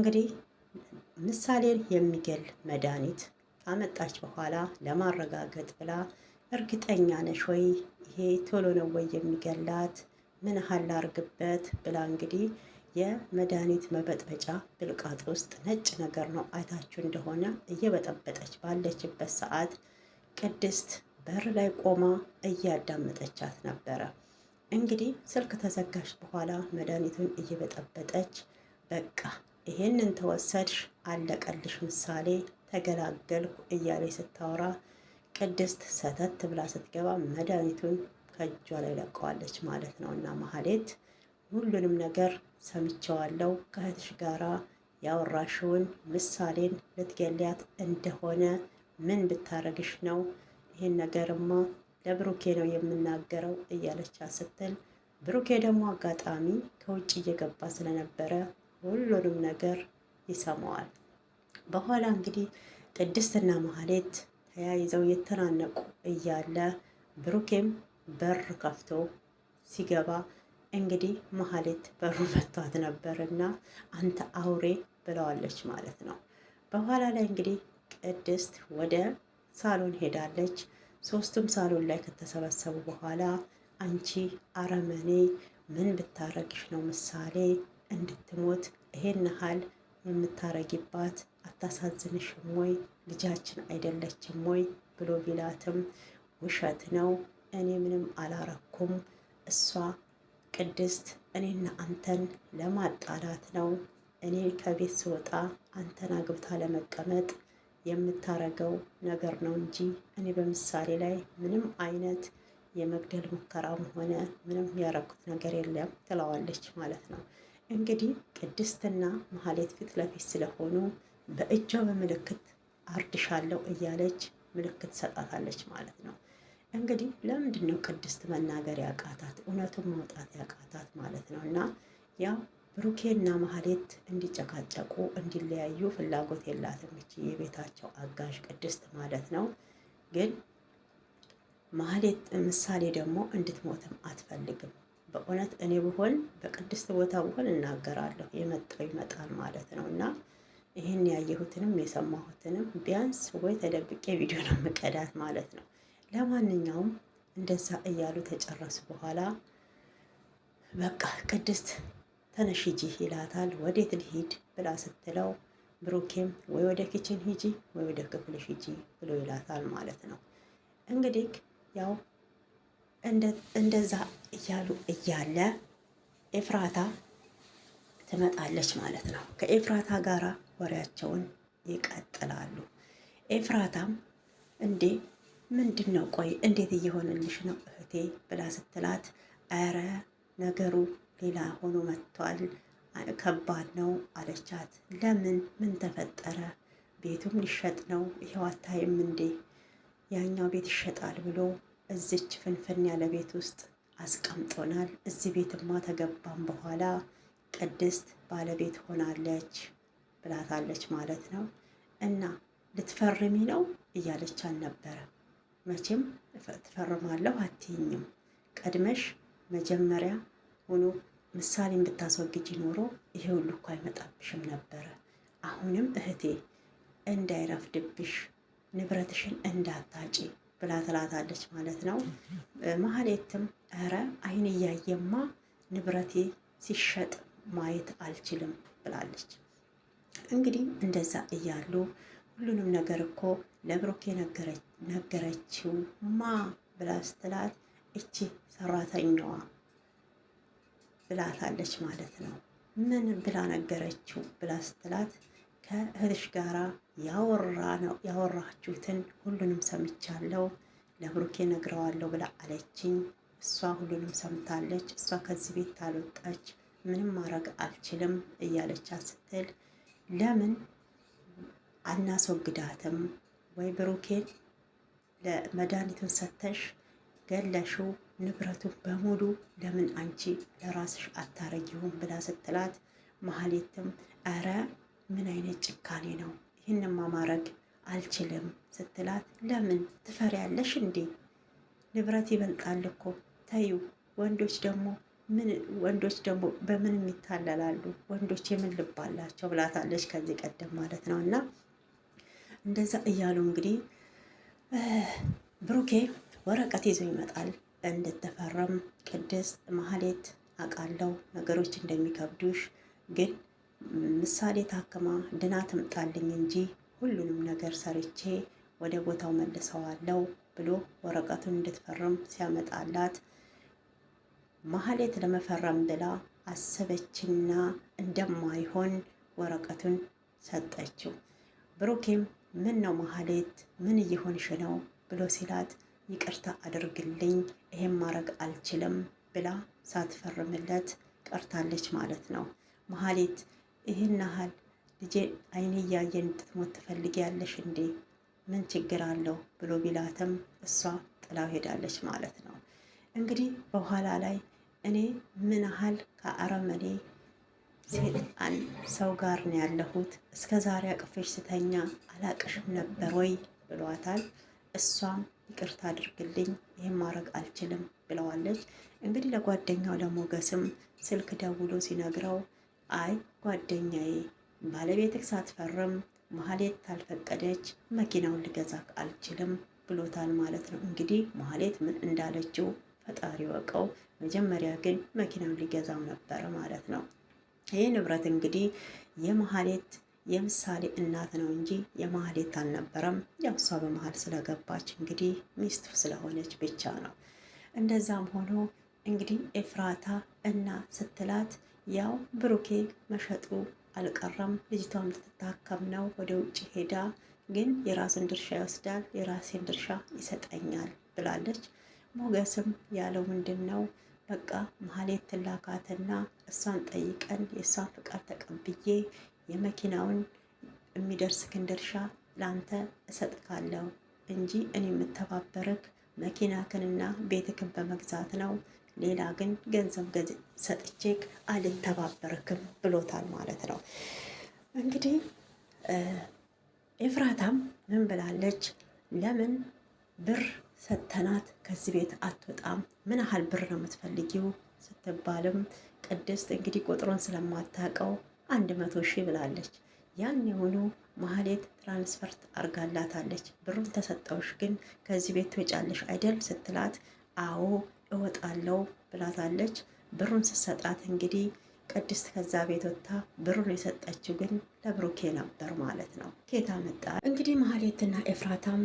እንግዲህ ምሳሌን የሚገል መድኃኒት ካመጣች በኋላ ለማረጋገጥ ብላ እርግጠኛ ነሽ ወይ? ይሄ ቶሎ ነው ወይ የሚገላት? ምን ያህል ላርግበት ብላ እንግዲህ የመድኃኒት መበጥበጫ ብልቃጥ ውስጥ ነጭ ነገር ነው አይታችሁ እንደሆነ እየበጠበጠች ባለችበት ሰዓት ቅድስት በር ላይ ቆማ እያዳመጠቻት ነበረ። እንግዲህ ስልክ ተዘጋች በኋላ መድኃኒቱን እየበጠበጠች በቃ ይሄንን ተወሰድሽ አለቀልሽ፣ ምሳሌ ተገላገልኩ እያሌ ስታወራ ቅድስት ሰተት ብላ ስትገባ መድኃኒቱን ከእጇ ላይ ለቀዋለች ማለት ነው። እና ማህሌት ሁሉንም ነገር ሰምቸዋለው ከእህትሽ ጋራ ያወራሽውን ምሳሌን ልትገልያት እንደሆነ ምን ብታረግሽ ነው? ይህን ነገርማ ለብሩኬ ነው የምናገረው እያለች ስትል ብሩኬ ደግሞ አጋጣሚ ከውጭ እየገባ ስለነበረ ሁሉንም ነገር ይሰማዋል። በኋላ እንግዲህ ቅድስትና መሀሌት ተያይዘው የተናነቁ እያለ ብሩኬም በር ከፍቶ ሲገባ እንግዲህ መሀሌት በሩ መቷት ነበር እና አንተ አውሬ ብለዋለች ማለት ነው። በኋላ ላይ እንግዲህ ቅድስት ወደ ሳሎን ሄዳለች። ሶስቱም ሳሎን ላይ ከተሰበሰቡ በኋላ አንቺ አረመኔ ምን ብታረግሽ ነው ምሳሌ እንድትሞት ይሄን ያህል የምታረጊባት አታሳዝንሽም ወይ? ልጃችን አይደለችም ወይ ብሎ ቢላትም ውሸት ነው፣ እኔ ምንም አላረኩም። እሷ ቅድስት እኔና አንተን ለማጣላት ነው፣ እኔ ከቤት ስወጣ አንተን አግብታ ለመቀመጥ የምታረገው ነገር ነው እንጂ እኔ በምሳሌ ላይ ምንም አይነት የመግደል ሙከራም ሆነ ምንም ያረኩት ነገር የለም ትለዋለች ማለት ነው። እንግዲህ ቅድስትና መሀሌት ፊት ለፊት ስለሆኑ በእጇ በምልክት አርድሻለሁ እያለች ምልክት ሰጣታለች ማለት ነው። እንግዲህ ለምንድን ነው ቅድስት መናገር ያቃታት እውነቱን መውጣት ያቃታት ማለት ነው? እና ያው ብሩኬና መሀሌት እንዲጨቃጨቁ እንዲለያዩ ፍላጎት የላትም እቺ የቤታቸው አጋዥ ቅድስት ማለት ነው። ግን መሀሌት ምሳሌ ደግሞ እንድትሞትም አትፈልግም። በእውነት እኔ ብሆን በቅድስት ቦታ ብሆን እናገራለሁ። የመጣው ይመጣል ማለት ነው እና ይህን ያየሁትንም የሰማሁትንም ቢያንስ ወይ ተደብቄ ቪዲዮ ነው መቀዳት ማለት ነው። ለማንኛውም እንደዛ እያሉ ተጨረሱ በኋላ በቃ ቅድስት ተነሽ ሂጂ ይላታል። ወዴት ልሂድ ብላ ስትለው ብሩኬም ወይ ወደ ኪችን ሂጂ ወይ ወደ ክፍልሽ ሂጂ ብሎ ይላታል ማለት ነው። እንግዲህ ያው እንደዛ እያሉ እያለ ኤፍራታ ትመጣለች ማለት ነው። ከኤፍራታ ጋር ወሬያቸውን ይቀጥላሉ። ኤፍራታም እንዴ ምንድን ነው ቆይ እንዴት እየሆነልሽ ነው እህቴ ብላ ስትላት፣ ኧረ ነገሩ ሌላ ሆኖ መጥቷል፣ ከባድ ነው አለቻት። ለምን ምን ተፈጠረ? ቤቱም ሊሸጥ ነው ይኸው አታይም እንዴ ያኛው ቤት ይሸጣል ብሎ እዚች ፍንፍን ያለ ቤት ውስጥ አስቀምጦናል። እዚህ ቤትማ ተገባም በኋላ ቅድስት ባለቤት ሆናለች ብላታለች ማለት ነው። እና ልትፈርሚ ነው እያለች አልነበረ። መቼም ትፈርማለሁ አትይኝም። ቀድመሽ መጀመሪያ ሆኖ ምሳሌን ብታስወግጅ ኖሮ ይሄ ሁሉ እኮ አይመጣብሽም ነበረ። አሁንም እህቴ እንዳይረፍድብሽ ንብረትሽን እንዳታጪ ብላ ትላታለች ማለት ነው። መሀሌትም እረ አይን እያየማ ንብረቴ ሲሸጥ ማየት አልችልም ብላለች። እንግዲህ እንደዛ እያሉ ሁሉንም ነገር እኮ ለብሮኬ ነገረችው ማ ብላ ስትላት እቺ ሰራተኛዋ ብላታለች ማለት ነው። ምን ብላ ነገረችው ብላ ስትላት ከእህትሽ ጋራ ያወራችሁትን ሁሉንም ሰምቻለሁ ለብሩኬ ነግረዋለሁ ብላ አለችኝ። እሷ ሁሉንም ሰምታለች። እሷ ከዚህ ቤት ታልወጣች ምንም ማድረግ አልችልም እያለች ስትል ለምን አናስወግዳትም ወይ ብሩኬን ለመድኃኒቱን ሰተሽ ገለሽው ንብረቱ በሙሉ ለምን አንቺ ለራስሽ አታረጊውም ብላ ስትላት መሀሌትም ኧረ ምን አይነት ጭካኔ ነው? ይህንማ ማድረግ አልችልም ስትላት፣ ለምን ትፈሪያለሽ እንዴ? ንብረት ይበልጣል እኮ ተዩ። ወንዶች ደግሞ ወንዶች ደግሞ በምንም ይታለላሉ። ወንዶች የምን ልብ አላቸው ብላታለች ከዚህ ቀደም ማለት ነው። እና እንደዛ እያሉ እንግዲህ ብሩኬ ወረቀት ይዞ ይመጣል እንድትፈረም። ቅድስት ማህሌት አውቃለሁ ነገሮች እንደሚከብዱሽ ግን ምሳሌ ታክማ ድና ትምጣልኝ እንጂ ሁሉንም ነገር ሰርቼ ወደ ቦታው መልሰዋለው ብሎ ወረቀቱን እንድትፈርም ሲያመጣላት ማህሌት ለመፈረም ብላ አሰበችና እንደማይሆን ወረቀቱን ሰጠችው። ብሩኬም ምን ነው ማህሌት፣ ምን እየሆንሽ ነው ብሎ ሲላት ይቅርታ አድርግልኝ፣ ይሄን ማድረግ አልችልም ብላ ሳትፈርምለት ቀርታለች ማለት ነው ማህሌት ይህን ያህል ልጄ አይኔ እያየ እንድትሞት ትፈልጊያለሽ እንዴ? ምን ችግር አለው ብሎ ቢላትም እሷ ጥላው ሄዳለች ማለት ነው። እንግዲህ በኋላ ላይ እኔ ምን ያህል ከአረመኔ ሴጣን ሰው ጋር ነው ያለሁት፣ እስከ ዛሬ አቅፌሽ ስተኛ አላቅሽም ነበር ወይ ብሏታል። እሷም ይቅርታ አድርግልኝ ይህም ማድረግ አልችልም ብለዋለች። እንግዲህ ለጓደኛው ለሞገስም ስልክ ደውሎ ሲነግረው አይ ጓደኛዬ ባለቤትህ ሳትፈርም መሀሌት አልፈቀደች መኪናውን ልገዛ አልችልም ብሎታል ማለት ነው። እንግዲህ መሀሌት ምን እንዳለችው ፈጣሪ ወቀው። መጀመሪያ ግን መኪናውን ሊገዛው ነበረ ማለት ነው። ይህ ንብረት እንግዲህ የመሀሌት የምሳሌ እናት ነው እንጂ የመሀሌት አልነበረም። ያው እሷ በመሀል ስለገባች እንግዲህ ሚስቱ ስለሆነች ብቻ ነው። እንደዛም ሆኖ እንግዲህ ኤፍራታ እና ስትላት ያው ብሩኬ መሸጡ አልቀረም። ልጅቷም ልትታከም ነው ወደ ውጭ ሄዳ፣ ግን የራሱን ድርሻ ይወስዳል፣ የራሴን ድርሻ ይሰጠኛል ብላለች። ሞገስም ያለው ምንድን ነው በቃ መሀሌት ትላካትና እሷን ጠይቀን የእሷን ፍቃድ ተቀብዬ የመኪናውን የሚደርስክን ድርሻ ለአንተ እሰጥካለሁ እንጂ እኔ የምተባበርክ መኪናክንና ቤትክን በመግዛት ነው ሌላ ግን ገንዘብ ሰጥቼ አልተባበርክም ብሎታል ማለት ነው። እንግዲህ ኤፍራታም ምን ብላለች? ለምን ብር ሰተናት ከዚህ ቤት አትወጣም? ምን ያህል ብር ነው የምትፈልጊው? ስትባልም ቅድስት እንግዲህ ቁጥሩን ስለማታውቀው አንድ መቶ ሺህ ብላለች። ያን የሆኑ ማህሌት ትራንስፈርት አርጋላታለች። ብሩን ተሰጠውሽ ግን ከዚህ ቤት ትወጫለሽ አይደል ስትላት አዎ እወጣለሁ ብላታለች። ብሩን ስትሰጣት እንግዲህ ቅድስት ከዛ ቤት ወጥታ ብሩን የሰጠችው ግን ለብሩኬ ነበር ማለት ነው። ኬታ መጣ እንግዲህ ማህሌትና ኤፍራታም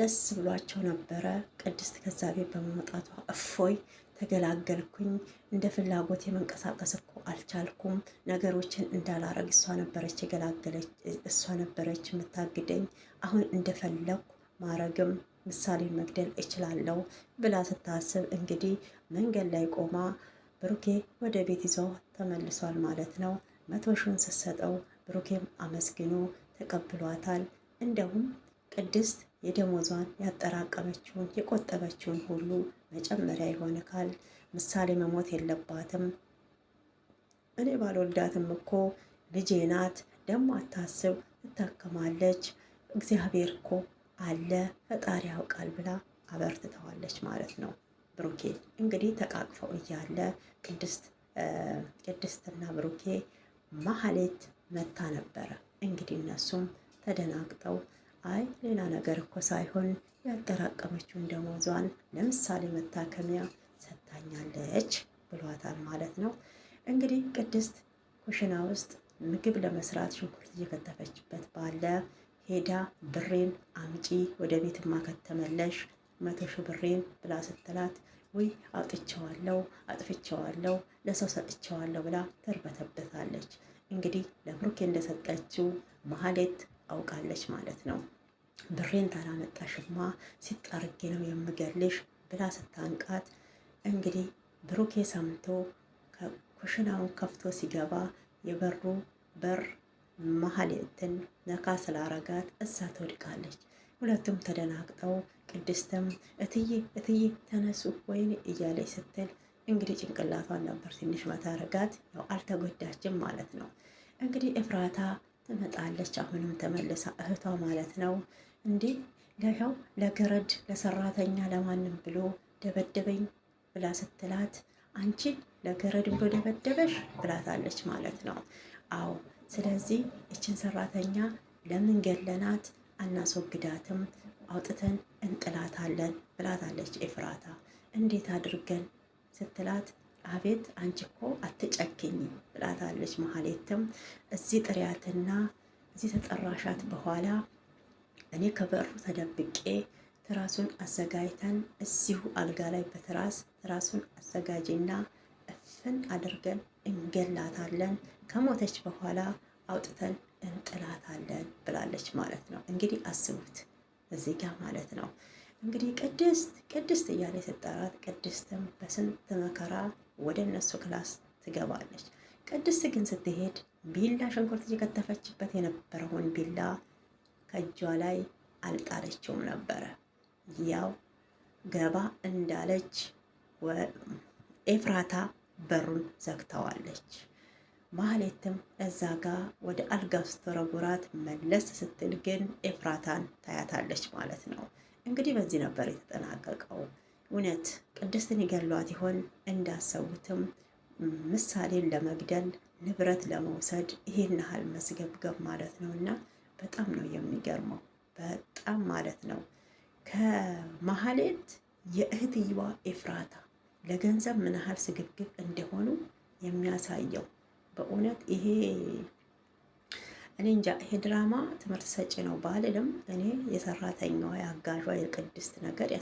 ደስ ብሏቸው ነበረ። ቅድስት ከዛ ቤት በመውጣቷ እፎይ ተገላገልኩኝ፣ እንደ ፍላጎት የመንቀሳቀስ እኮ አልቻልኩም፣ ነገሮችን እንዳላረግ እሷ ነበረች የገላገለች፣ እሷ ነበረች የምታግደኝ። አሁን እንደፈለኩ ማረግም ምሳሌ መግደል እችላለሁ ብላ ስታስብ እንግዲህ መንገድ ላይ ቆማ ብሩኬ ወደ ቤት ይዞ ተመልሷል ማለት ነው። መቶ ሺውን ስትሰጠው ብሩኬም አመስግኖ ተቀብሏታል። እንደውም ቅድስት የደሞዟን ያጠራቀመችውን የቆጠበችውን ሁሉ መጨመሪያ የሆነ ካል ምሳሌ መሞት የለባትም እኔ ባልወልዳትም እኮ ልጄ ናት፣ ደግሞ አታስብ ትታከማለች። እግዚአብሔር እኮ አለ ፈጣሪ ያውቃል ብላ አበርትተዋለች ማለት ነው። ብሩኬ እንግዲህ ተቃቅፈው እያለ ቅድስት ቅድስትና ብሩኬ ማህሌት መታ ነበረ። እንግዲህ እነሱም ተደናግጠው አይ ሌላ ነገር እኮ ሳይሆን ያጠራቀመችውን ደሞዟን ለምሳሌ መታከሚያ ሰታኛለች ብሏታል ማለት ነው። እንግዲህ ቅድስት ኩሽና ውስጥ ምግብ ለመስራት ሽንኩርት እየከተፈችበት ባለ ሄዳ ብሬን አምጪ ወደ ቤትማ ከተመለሽ መቶ ሺህ ብሬን ብላ ስትላት ውይ አውጥቼዋለሁ አጥፍቼዋለሁ ለሰው ሰጥቼዋለሁ ብላ ተርበተበታለች። እንግዲህ ለብሩኬ እንደሰጠችው መሀሌት አውቃለች ማለት ነው። ብሬን ታላመጣሽማ ሲጠርጌ ነው የምገልሽ ብላ ስታንቃት እንግዲህ ብሩኬ ሰምቶ ኩሽናውን ከፍቶ ሲገባ የበሩ በር ማህሌትን ነካ ስላረጋት እሳ ትወድቃለች። ሁለቱም ተደናግጠው ቅድስትም እትዬ እትዬ ተነሱ ወይኔ እያለች ስትል እንግዲህ ጭንቅላቷን ነበር ትንሽ መታረጋት ያው አልተጎዳችም ማለት ነው። እንግዲህ እፍራታ ትመጣለች አሁንም ተመልሳ እህቷ ማለት ነው። እንዴ ለው ለገረድ ለሰራተኛ ለማንም ብሎ ደበደበኝ ብላ ስትላት አንቺን ለገረድ ብሎ ደበደበሽ ብላታለች ማለት ነው። አዎ ስለዚህ እችን ሰራተኛ ለምን ገለናት አናስወግዳትም አውጥተን እንጥላታለን ብላታለች ኤፍራታ። እንዴት አድርገን ስትላት አቤት አንቺ እኮ አትጨክኝ ብላታለች። መሀሌትም እዚህ ጥሪያትና እዚህ ተጠራሻት በኋላ እኔ ከበሩ ተደብቄ ትራሱን አዘጋጅተን እዚሁ አልጋ ላይ በትራስ ትራሱን አዘጋጅና እፍን አድርገን እንገላታለን ከሞተች በኋላ አውጥተን እንጥላታለን ብላለች ማለት ነው። እንግዲህ አስቡት እዚህ ጋር ማለት ነው እንግዲህ ቅድስት ቅድስት እያለ የተጠራት ቅድስትም በስንት መከራ ወደ እነሱ ክላስ ትገባለች። ቅድስት ግን ስትሄድ ቢላ ሽንኩርት እየከተፈችበት የነበረውን ቢላ ከእጇ ላይ አልጣለችውም ነበረ። ያው ገባ እንዳለች ኤፍራታ በሩን ዘግተዋለች። ማህሌትም እዛ ጋ ወደ አልጋ ስትወረውራት መለስ ስትል ግን ኤፍራታን ታያታለች ማለት ነው። እንግዲህ በዚህ ነበር የተጠናቀቀው። እውነት ቅድስትን ይገሏት ይሆን? እንዳሰቡትም ምሳሌን ለመግደል ንብረት ለመውሰድ ይህን ያህል መስገብገብ ማለት ነው። እና በጣም ነው የሚገርመው፣ በጣም ማለት ነው። ከማህሌት የእህትየዋ ኤፍራታ ለገንዘብ ምን ያህል ስግብግብ እንደሆኑ የሚያሳየው በእውነት ይሄ እኔ እንጃ ይሄ ድራማ ትምህርት ሰጪ ነው ባልልም እኔ የሰራተኛዋ የአጋዧ የቅድስት ነገር